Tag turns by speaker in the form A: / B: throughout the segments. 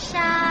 A: 沙。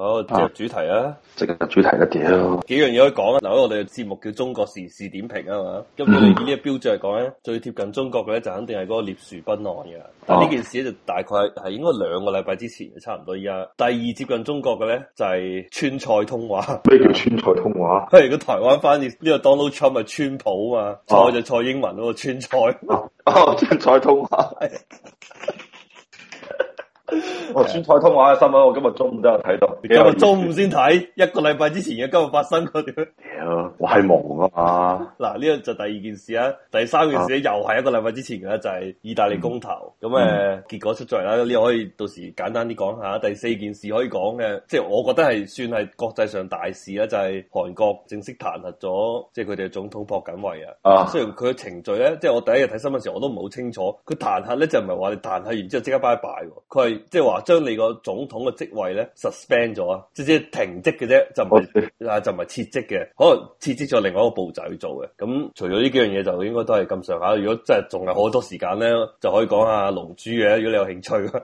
B: 好，即係、哦、主題啊！
A: 即係主題啦，屌，
B: 幾樣嘢可以講啊！嗱，我哋嘅節目叫《中國時事點評》啊嘛，咁以呢個標準嚟講咧，最貼近中國嘅咧就肯定係嗰個聶樹斌案嘅。但呢件事咧就大概係應該兩個禮拜之前，就差唔多依家。第二接近中國嘅咧就係川菜通話。
A: 咩叫川菜通話？
B: 不如如果台灣翻譯呢、這個 Donald Trump 咪川普啊嘛，菜就、啊、蔡英文咯，川菜 哦，川菜通話。 我先睇通話嘅新聞，我今日中午都有睇到。今日中午先睇， 一個禮拜之前嘅今日發生啲咩屌，我係忙
A: 啊嘛。
B: 嗱，呢個就第二件事啦、啊。第三件事、啊啊、又係一個禮拜之前嘅，就係、是、意大利公投。咁誒、嗯，嗯、結果出咗啦。呢、這個可以到時簡單啲講下。第四件事可以講嘅，即、就、係、是、我覺得係算係國際上大事啦、啊，就係、是、韓國正式彈劾咗，即係佢哋嘅總統朴槿惠啊。啊，雖然佢嘅程序咧，即、就、係、是、我第一日睇新聞時候我都唔好清楚。佢彈劾咧就唔係話你彈劾完之後即刻拜拜，佢係。即係話將你個總統嘅職位咧 suspend 咗，即係停職嘅啫，就唔係，啊，就唔係撤職嘅，可能撤職咗另外一個步驟去做嘅。咁除咗呢幾樣嘢，就應該都係咁上下。如果即係仲有好多時間咧，就可以講下龍珠嘅。如果你有興趣，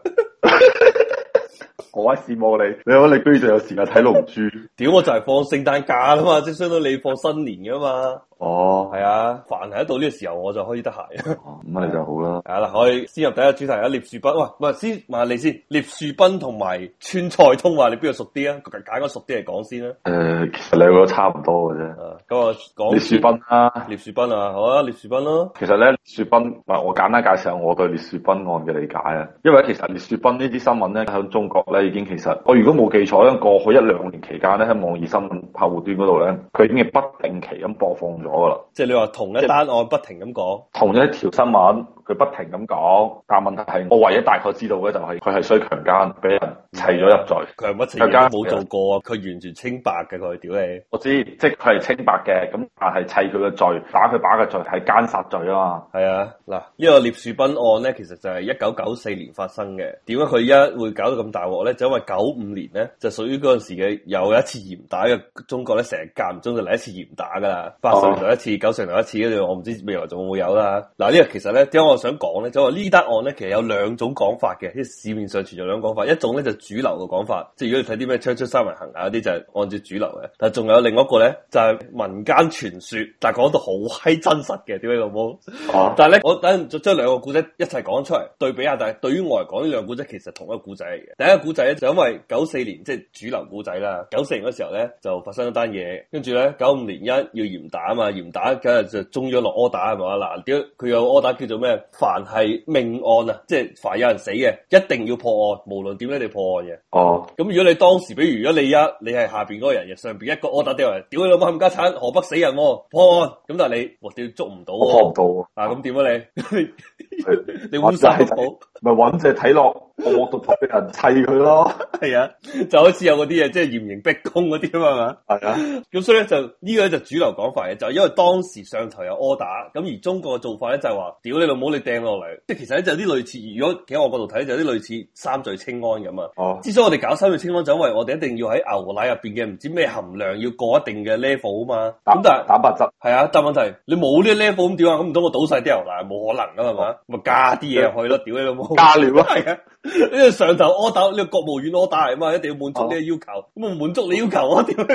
A: 我好羨慕你，你話你居然仲有時間睇龍珠。
B: 屌，我就係放聖誕假啊嘛，即係相當你放新年噶嘛。哦，係啊！凡係喺到呢個時候，我就可以得閒。咁、哦、你就好啦。係啦、啊，可以先入第一個主題啊！聶樹斌，喂，唔係先問下你先，聶樹斌同埋川菜通話，你邊個熟啲啊？揀個熟啲嚟講先啦。誒、
A: 嗯，其實兩個差唔多嘅啫。咁啊、嗯，
B: 講聶樹斌
A: 啊，聶樹斌啊，好啊，聶樹斌咯、啊。其實咧，聶樹斌，唔我簡單介紹我對聶樹斌案嘅理解啊。因為其實聶樹斌聞呢啲新聞咧喺中國咧已經其實，我如果冇記錯咧，過去一兩年期間咧喺網易新聞客戶端嗰度咧，佢已經不定期咁播放咗噶啦，即係你話同一單
B: 案不停咁講，
A: 同一條新聞佢不停咁講，但係問題係我唯一大概知道嘅就係佢係衰強奸俾人砌咗入罪，佢係強奸冇做過，佢完全清白嘅，佢屌你！我知，即係佢係清白嘅，咁但係砌佢嘅罪，打佢打嘅罪係奸殺罪嘛啊！係啊，嗱，呢個聶樹斌
B: 案咧，其實就係一九九四年發生嘅。點解佢而家會搞到咁大鑊咧？就是、因為九五年咧就屬於嗰陣時嘅有一次嚴打嘅，中國咧成日間唔中就嚟一次嚴打噶啦，八十、嗯一次九成流一次度我唔知未來仲會唔會有啦。嗱、這、呢個其實咧，點解我想講咧？就話呢單案咧，其實有兩種講法嘅，即係市面上存在兩種講法。一種咧就是、主流嘅講法，即係如果你睇啲咩《穿出三人行》啊，嗰啲就係、是、按照主流嘅。但仲有另外一個咧，就係、是、民間傳說，但係講到好閪真實嘅。點解老母？啊、但係咧，我等陣將兩個故仔一齊講出嚟對比下。但係對於我嚟講，呢兩個故仔其實同一個故仔嚟嘅。第一個故仔咧就是、因為九四年即係、就是、主流故仔啦。九四年嗰時候咧就發生一單嘢，跟住咧九五年一要嚴打啊嘛。嚴打，梗係就中央落 order 係嘛嗱？屌佢有 order 叫做咩？凡係命案啊，即係凡有人死嘅，一定要破案，無論點樣你破案嘅。哦、啊，咁如果你當時，比如如果你一你係下邊嗰個人，上邊一個 order 掉屌你老母冚家鏟，河北死人、啊、破案，咁但係你我屌捉唔到，捉唔到啊！咁點啊？啊 你
A: 你穩晒到咪穩就睇落惡毒毒嘅人砌佢咯，
B: 係 啊，就好似有嗰啲嘢，即係嚴刑逼供嗰啲啊嘛，係啊。咁所以咧就呢、這個就主流講法嘅就。 因為當時上頭有 order，咁而中國嘅做法咧就係話：屌你老母，你掟落嚟！即係其實咧就有啲類似，如果企喺我角度睇就有啲類似三聚氰胺咁啊。哦。之所以我哋搞三聚氰胺，就因為我哋一定要喺牛奶入邊嘅唔知咩含量要過一定嘅 level 啊嘛。咁打但係蛋白質係啊，但係問題你冇呢 level 咁屌啊？咁唔通我倒晒啲牛奶？冇可能噶係嘛？咁咪 加啲嘢去咯，屌你老母！加料啊，係啊！因為上頭 order，呢個國務院 order 啊嘛，一定要滿足呢個要求。咁我滿足你要求啊，屌你！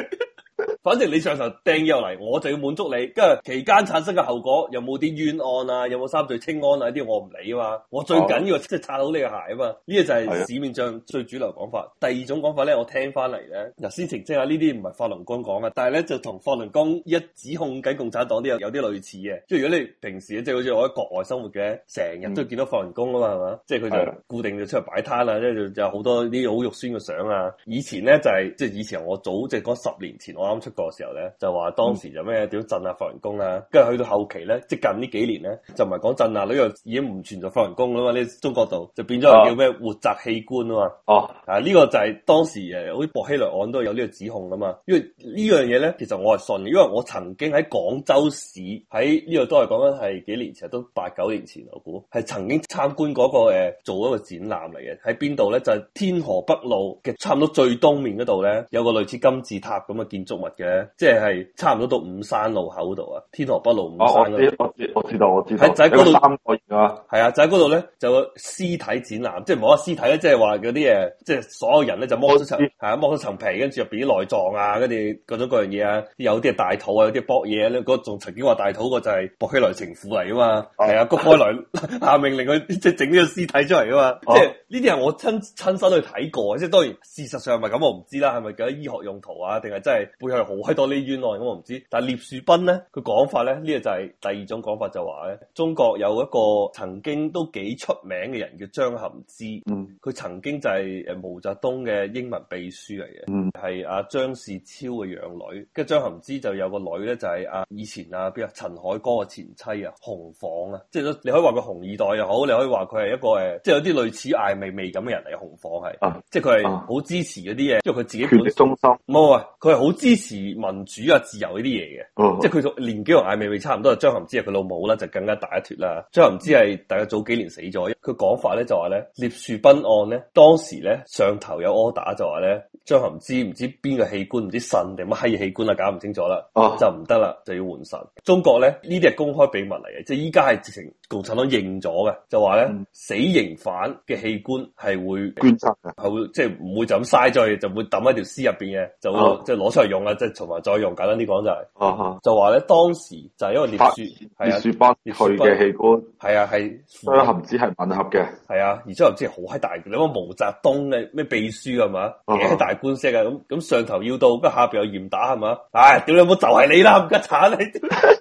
B: 反正你上頭掟咗落嚟，我就要滿足你。跟住期間產生嘅後果，有冇啲冤案啊？有冇三聚氰胺啊？呢啲我唔理啊嘛。我最緊要即係擦到你嘅鞋啊嘛。呢、這個就係市面上最主流講法。第二種講法咧，我聽翻嚟咧，嗱先澄清下，呢啲唔係法輪功講啊，但係咧就同法輪功一指控緊共產黨啲有有啲類似嘅。即係如果你平時即係好似我喺國外生活嘅，成日都見到法輪功啊嘛，係嘛、嗯，吧即係佢就固定就出去擺攤即咧就有好多啲好肉酸嘅相啊。以前咧就係即係以前我早即係嗰十年前我啱出。個時候咧就話當時就咩點鎮啊法輪功啊，跟住去到後期咧即近呢幾年咧就唔係講鎮啊，呢樣已經唔存在法輪功啦嘛，呢中國度就變咗叫咩活摘器官啊嘛。哦、啊，啊呢、這個就係當時誒，好似薄熙來案都有呢個指控啦嘛。因為呢樣嘢咧，其實我係信嘅，因為我曾經喺廣州市喺呢度都係講緊係幾年前都八九年前我估係曾經參觀嗰個誒、呃、做一個展覽嚟嘅，喺邊度咧就係、是、天河北路嘅差唔多最東面嗰度咧有個類似金字塔咁嘅建築物。嘅，即係差唔多到五山路口度啊，天河北路五山嗰度。我知我
A: 知我知道我知道。就喺嗰度三個月啊，
B: 係啊，就喺嗰度咧就屍體展覽，即係唔好話屍體啦，即係話嗰啲誒，即係所有人咧就剝咗層係剝咗層皮，跟住入邊啲內臟啊，跟住各種各樣嘢啊，有啲係大肚、那個、大肚啊，有啲剝嘢咧，嗰仲曾經話大肚個就係薄熙來情婦嚟啊嘛，係啊，谷開來 下命令佢即係整呢個屍體出嚟啊嘛，即係呢啲係我親親身去睇過，即係當然事實上係咪咁我唔知啦，係咪搞醫學用途啊，定係真係背後。我喺度，你冤案，咁我唔知。但係聶樹斌咧，佢講法咧，呢個就係第二種講法，就話咧，中國有一個曾經都幾出名嘅人叫章含之，嗯，佢曾經就係誒毛澤東嘅英文秘書嚟嘅，嗯，係阿章士釗嘅養女，跟章含之就有個女咧，就係、是、阿、啊、以前阿比啊陳凱歌嘅前妻啊，洪晃啊，即係你可以話佢紅二代又好，你可以話佢係一個誒，即係有啲類似艾未未咁嘅人嚟、啊，洪晃係，啊、即係佢係好支持嗰啲嘢，因為佢自己權力中心，冇啊，佢係好支持。民主啊、自由呢啲嘢嘅，哦、即係佢年紀同艾未未差唔多，就張含之係佢老母啦，就更加大一脱啦。張含之係大概早幾年死咗，佢講法咧就話咧，聶樹斌案咧當時咧上頭有柯打就話咧，張含之唔知邊個器官，唔知腎定乜閪器官啊，搞唔清楚啦，哦、就唔得啦，就要換腎。中國咧呢啲係公開秘密嚟嘅，即係依家係直情共產黨認咗嘅，就話咧、嗯、死刑犯嘅器官係會捐親嘅，係會即係唔會就咁嘥咗，就唔會抌喺條屍入邊嘅，就即係攞出嚟用啊，即從埋再用，簡單啲講就係、是，uh huh. 就話咧當時就係因為聶樹、聶樹發、啊、斌，聶樹斌嘅器官，係啊係雙合子係吻合嘅，係啊，而雙合子好閪大，你話毛澤東嘅咩秘書係嘛，幾大官色啊，咁咁上頭要到，跟下邊有嚴打係嘛，唉，屌、哎、你冇就係你啦，冚家鏟你。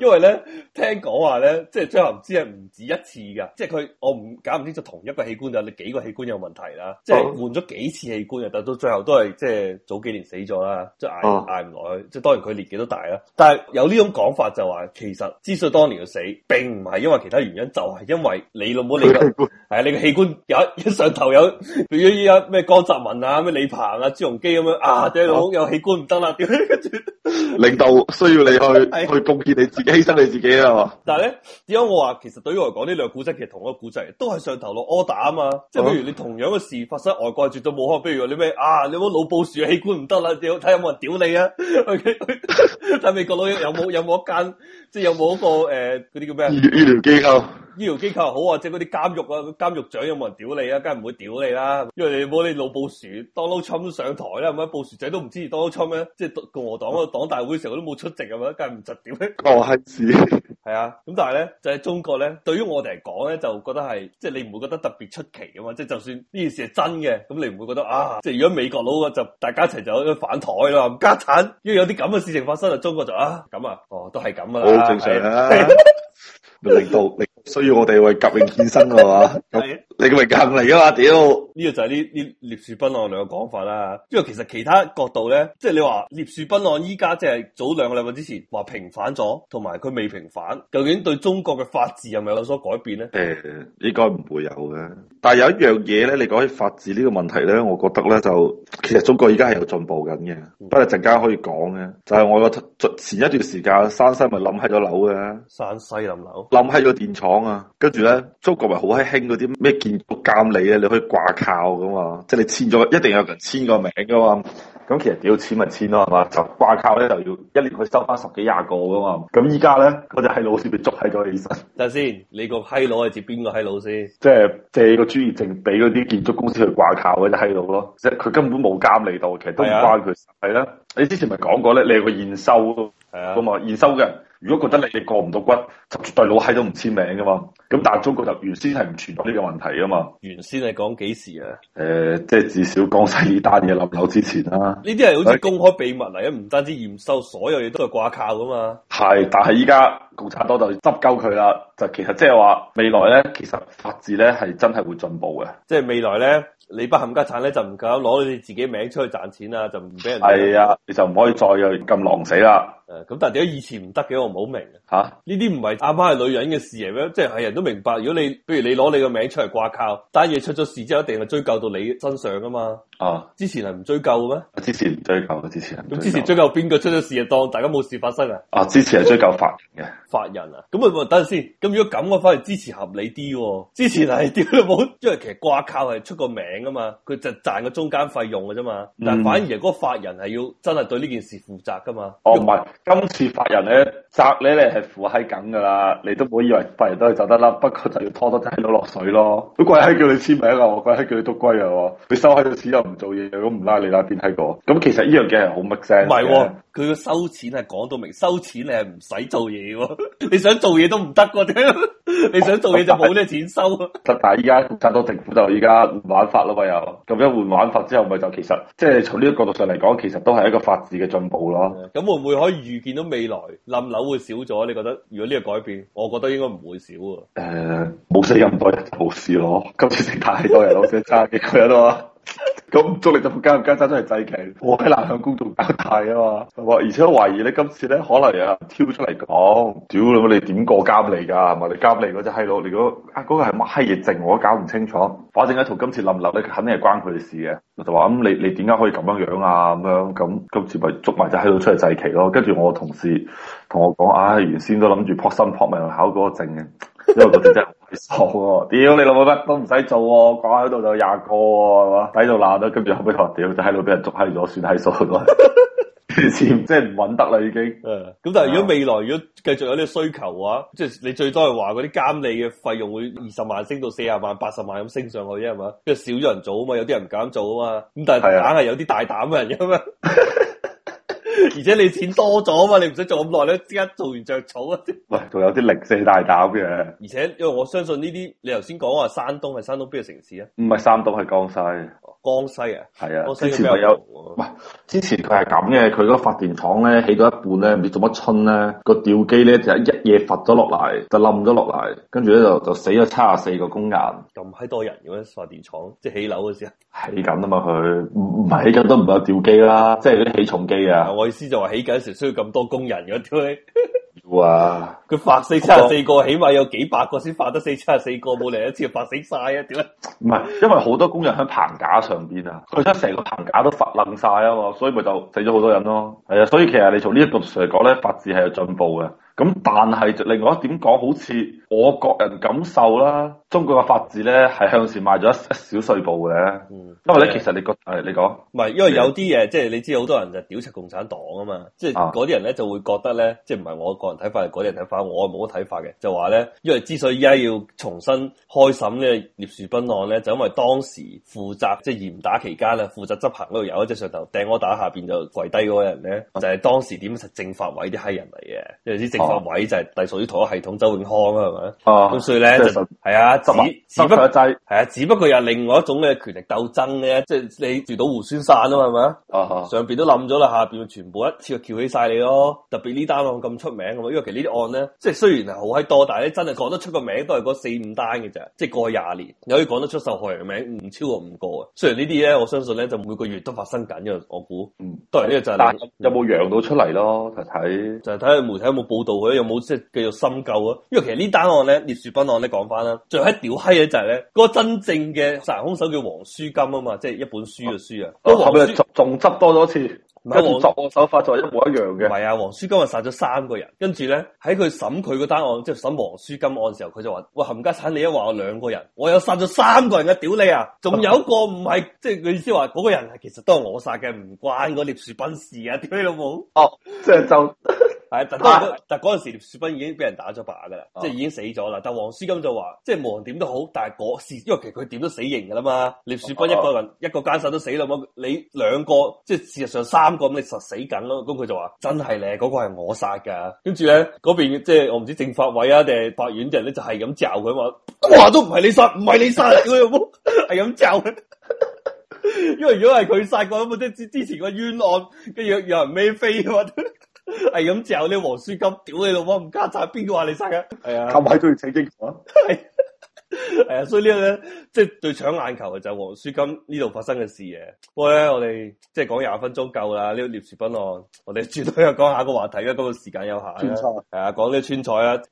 B: 因為咧，聽講話咧，即係最後唔知係唔止一次噶，即係佢我唔搞唔清楚同一個器官有你幾個器官有問題啦，即係換咗幾次器官，但到最後都係即係早幾年死咗啦，即係捱嗌唔來，即係當然佢年紀都大啦。但係有呢種講法就話，其實之所以當年要死，並唔係因為其他原因，就係、是、因為你老母你個係啊你個器官有一上頭有，比如依家咩江澤民啊、咩李鵬啊、朱鎔基咁樣啊，即係老有器官唔得啦，屌跟住領導需要你去去
A: 貢獻你自己。 犧牲你自己啦嘛，
B: 但係咧點解我話其實對於我嚟講呢兩個古仔其實同一個古仔，都係上頭落 order 啊嘛，即係譬如你同樣嘅事發生外國絕對，冇可能，比如話你咩啊，你冇老布殊嘅器官唔得啦，屌睇有冇人屌你啊？睇，okay? 美國佬有冇有冇一間？即係有冇一個誒，嗰、呃、啲叫咩？醫醫療機構，醫療機構又好啊，即係嗰啲監獄啊，監獄長有冇人屌你啊？梗係唔會屌你啦，因為你冇你老布殊當勞侵上台啦，咁啊布殊仔都唔支持當勞侵咩？即係共和黨個黨大會成日都冇出席咁樣，梗係唔窒屌咩？我閪屎！係啊，咁但係咧就喺中國咧，對於我哋嚟講咧，就覺得係即係你唔會覺得特別出奇㗎嘛，即係就算呢件事係真嘅，咁你唔會覺得啊？即係如果美國佬個就大家一齊就反台咯，家產，因為有啲咁嘅事情發生，中國就啊咁啊，哦，都係咁啊，好正常啦，
A: 啊，聯動，啊。啊 需要我哋為革命獻身嘅嘛？你咪革命嚟嘅嘛？屌，
B: 呢個就係呢呢聶樹斌案兩個講法啦。因為其實其他角度咧，即係你話聶樹斌案依家即係早兩個禮拜之前話平反咗，同埋佢未平反，究竟對中國嘅法治有冇有所改
A: 變咧？誒，應該唔會有嘅。但係有一樣嘢咧，你講起法治呢個問題咧，我覺得咧就其實中國而家係有進步緊嘅，不過陣間可以講嘅就係我前一段時間山西咪冧喺咗樓嘅，
B: 山西冧樓，冧喺咗
A: 電廠。講啊，跟住咧，中國咪好喺興嗰啲咩建築監理咧？你可以掛靠噶嘛？即係你簽咗，一定有人簽個名噶嘛？咁其實要簽咪簽咯，係嘛？就掛靠咧，就要一年去收翻十幾廿個噶嘛？咁依家咧，我就係閪佬被捉喺咗起身。
B: 等先，你個閪佬係接邊個閪佬先？
A: 即係借個專業證俾嗰啲建築公司去掛靠嗰啲閪佬咯，即係佢根本冇監理到，其實都唔關佢。係啦、啊，你之前咪講過咧，你係個驗收，係啊，咁嘛驗收嘅。如果覺得你哋過唔到骨，就絕對老閪都唔簽名噶嘛。咁但係中國就原先係唔存在呢個問題噶嘛。原先係講幾時、呃、啊？誒，即係至少江西呢單嘢冧樓之前啦。呢啲係好似公
B: 開秘密嚟嘅，唔是單止驗收，所有嘢都係掛靠噶嘛。係，但係依家，
A: 共產黨就執鳩佢啦，就其實即係話未來咧，其實法治咧係真係會進步嘅，
B: 即係未來咧，你不冚家產咧就唔夠攞你自己名出去賺錢啦，就唔俾人係啊，
A: 你就唔可以再又咁狼死啦。
B: 誒，咁但係點解以前唔得嘅？我唔好明嚇，呢啲唔係阿媽係女人嘅事嚟咩？即係係人都明白，如果你譬如你攞你個名出嚟掛靠，但係出咗事之後一定係追究到你身上噶嘛。啊，之前係唔追究嘅咩？
A: 之前唔追究嘅，之前咁，之前追
B: 究邊個出咗事啊？當大家冇事發生啊？啊，之前係追究法院嘅。法人啊，咁咪等陣先。咁如果咁，我反而支持合理啲，哦，支持係啲，你冇，因為其實掛靠係出個名噶嘛，佢就賺個中間費用噶啫嘛。但反而嗰個法人係要真係對呢件事負責噶嘛。哦，唔係果，
A: 不今次法人咧責咧係負喺咁噶啦，你都唔好以為法人都係走得甩，不過就要拖得多仔到落水咯。好鬼閪叫你簽名啊，我鬼閪叫你督龜啊，我，你收喺度錢又唔做嘢，咁唔拉你啦，邊係個？咁其實呢樣嘢係好 make sense？唔係，哦，
B: 佢個收錢係講到明，收錢你係唔使做嘢噶。 你想做嘢都唔得嘅，你想做嘢就冇
A: 咩錢收啊！但係依家太多政府就依家玩法咯嘛，又咁樣換玩法之後，咪就其實即係從呢個角度上嚟講，其實都係一個法治嘅進步咯。咁、嗯嗯、會唔會可以預
B: 見到未來冧樓會少咗？你覺得如果呢個改變，我覺得應該唔會少啊。誒、呃，
A: 冇死咁多人就冇事咯。今次死太多人咯，只 差幾個人咯。咁 捉你就唔加唔加薪，真係祭旗。我喺南向工度搞大啊嘛，而且我懷疑你今次咧可能又挑出嚟講，屌你，你點過監你噶？係咪？你監你嗰隻閪佬嚟嗰啊？嗰、那個係乜閪嘢證？我都搞唔清楚。反正一同今次冧樓咧，肯定係關佢哋事嘅。我就話咁、嗯，你你點解可以咁樣樣啊？咁樣咁今次咪捉埋隻閪佬出嚟祭旗咯？跟住我同事同我講，唉、哎，原先都諗住撲心撲命考嗰個證嘅。 因為覺得真係爽哦，屌你老母乜都唔使做哦、啊，講喺度就廿個係、啊、嘛，睇到爛啦，跟住後屘話屌就喺度俾人捉喺度算閪數啦，完全即係唔穩得啦已經。
B: 誒，咁但係如果未來如果繼續有啲需求嘅話，即、就、係、是、你最多係話嗰啲監理嘅費用會二十萬升到四十萬、八十萬咁升上去啫，係嘛，即係少咗人做啊嘛，有啲人唔敢做啊嘛，咁但係硬係有啲大膽嘅人噶嘛。 而且你錢多咗嘛，你唔使做咁耐咧，即刻做完着草
A: 啊！喂，仲有啲零舍大膽嘅。而
B: 且因為我相信呢啲，你頭先講話山東係山東邊個城市啊？唔係山
A: 東係江西。江西嘅、啊、係的啊，之前佢有唔係之前佢係咁嘅，佢嗰個發電廠咧起到一半咧唔知做乜春咧，個吊機咧就一夜滑咗落嚟，就冧咗落嚟，跟住咧就就死咗七十四個工人。咁閪多人嘅發
B: 電廠，即係起樓嗰時。起緊啊
A: 嘛，佢唔唔係起緊都唔夠吊機啦，即係嗰啲起重機啊。我
B: 意思就話起緊時需要咁多工人嘅。
A: 哇！佢發四七十四
B: 個，多起碼有幾百個先發得四七
A: 十四個，冇嚟一次發死晒啊！點咧？唔 係，因為好多工人喺棚架上邊啊，佢真係成個棚架都發冧晒啊嘛，所以咪就死咗好多人咯。係啊，所以其實你從呢一度上嚟講咧，法治係有進步嘅。咁但係另外一點講，好似我個人感受啦，中國嘅法治咧係向前邁咗一小碎步嘅。因為咧，其實你覺係你講唔係，因為有啲嘢
B: 即係你知，好多人就屌柒共產黨啊嘛，即係嗰啲人咧就會覺得咧，即係唔係我個人睇法，係嗰啲人睇法，我冇乜睇法嘅，就話咧，因為之所以依家要重新開審呢個聶樹斌案咧，就因為當時負責即係嚴打期間咧，負責執行嗰度有一隻上頭掟我打下邊就跪低嗰個人咧，就係當時點實政法委啲閪人嚟嘅，即係啲政。個位就係隸屬於同一系統，周永康啦，係咪啊？咁所以咧，就係啊，只只不過係啊，只不過又係另外一種嘅權力鬥爭咧，即係你住到猢猻散啊嘛，係咪啊？上邊都冧咗啦，下邊全部一次就撬起晒你咯。特別呢單案咁出名嘅，因為其實呢啲案咧，即係雖然係好閪多，但係咧真係講得出個名都係嗰四五單嘅咋。即係過廿年，你可以講得出受害人嘅名唔超過五個嘅。雖然呢啲咧，我相信咧，就每個月都發生緊嘅。因為我估，當然呢個就係有冇揚到出嚟咯，睇睇就係睇下媒體有冇報道。有冇即係繼續深究啊？因為其實呢單案咧，聶樹斌案咧，講翻啦，最係屌閪嘅就係、是、咧，嗰個真正嘅殺人凶手叫黃書金啊嘛，即係一本書嘅書啊，都、啊、黃、
A: 啊、書仲執多咗次，唔仲執
B: 我手法就係一模一樣嘅。唔係啊，黃書金話殺咗三個人，跟住咧喺佢審佢個單案，即係審黃書金案嘅時候，佢就話：，喂，冚家鏟你一話我兩個人，我有殺咗三個人嘅，屌你啊！仲有一個唔係，即係意思話嗰個人係其實都係我殺嘅，唔關個聶樹斌事啊！屌你老母，哦，即係就。 係，但嗰但嗰陣時聶樹斌已經俾人打咗靶噶啦，啊、即係已經死咗啦。但王書金就話，即係無論點都好，但係嗰時，因為其實佢點都死刑噶啦嘛。聶樹斌一個人、啊啊、一個奸殺都死啦，嘛。你兩個，即係事實上三個咁，你實死緊咯。咁佢就話：真係咧，嗰、嗰個係我殺噶。跟住咧，嗰邊即係我唔知政法委啊定法院人咧，就係咁嚼佢話，
A: 話都唔係你殺，唔係你殺，佢又
B: 冇係咁嚼佢，因為如果係佢殺個咁，即之前個冤案跟住樣樣孭飛咁。係咁 之後，呢黃舒金屌你老母唔加賊，邊個話你衰啊？係啊、哎呀，咁係都
A: 要請英雄。
B: 係，係啊，所以個呢，即係最搶眼球嘅就係黃舒金呢度發生嘅事嘅。不過咧，我哋即係講廿分鐘夠啦。呢、這、聶、個、樹斌案，我哋絕對要講下個話題嘅。嗰、那個時間有限，川菜係啊，講啲川菜啊。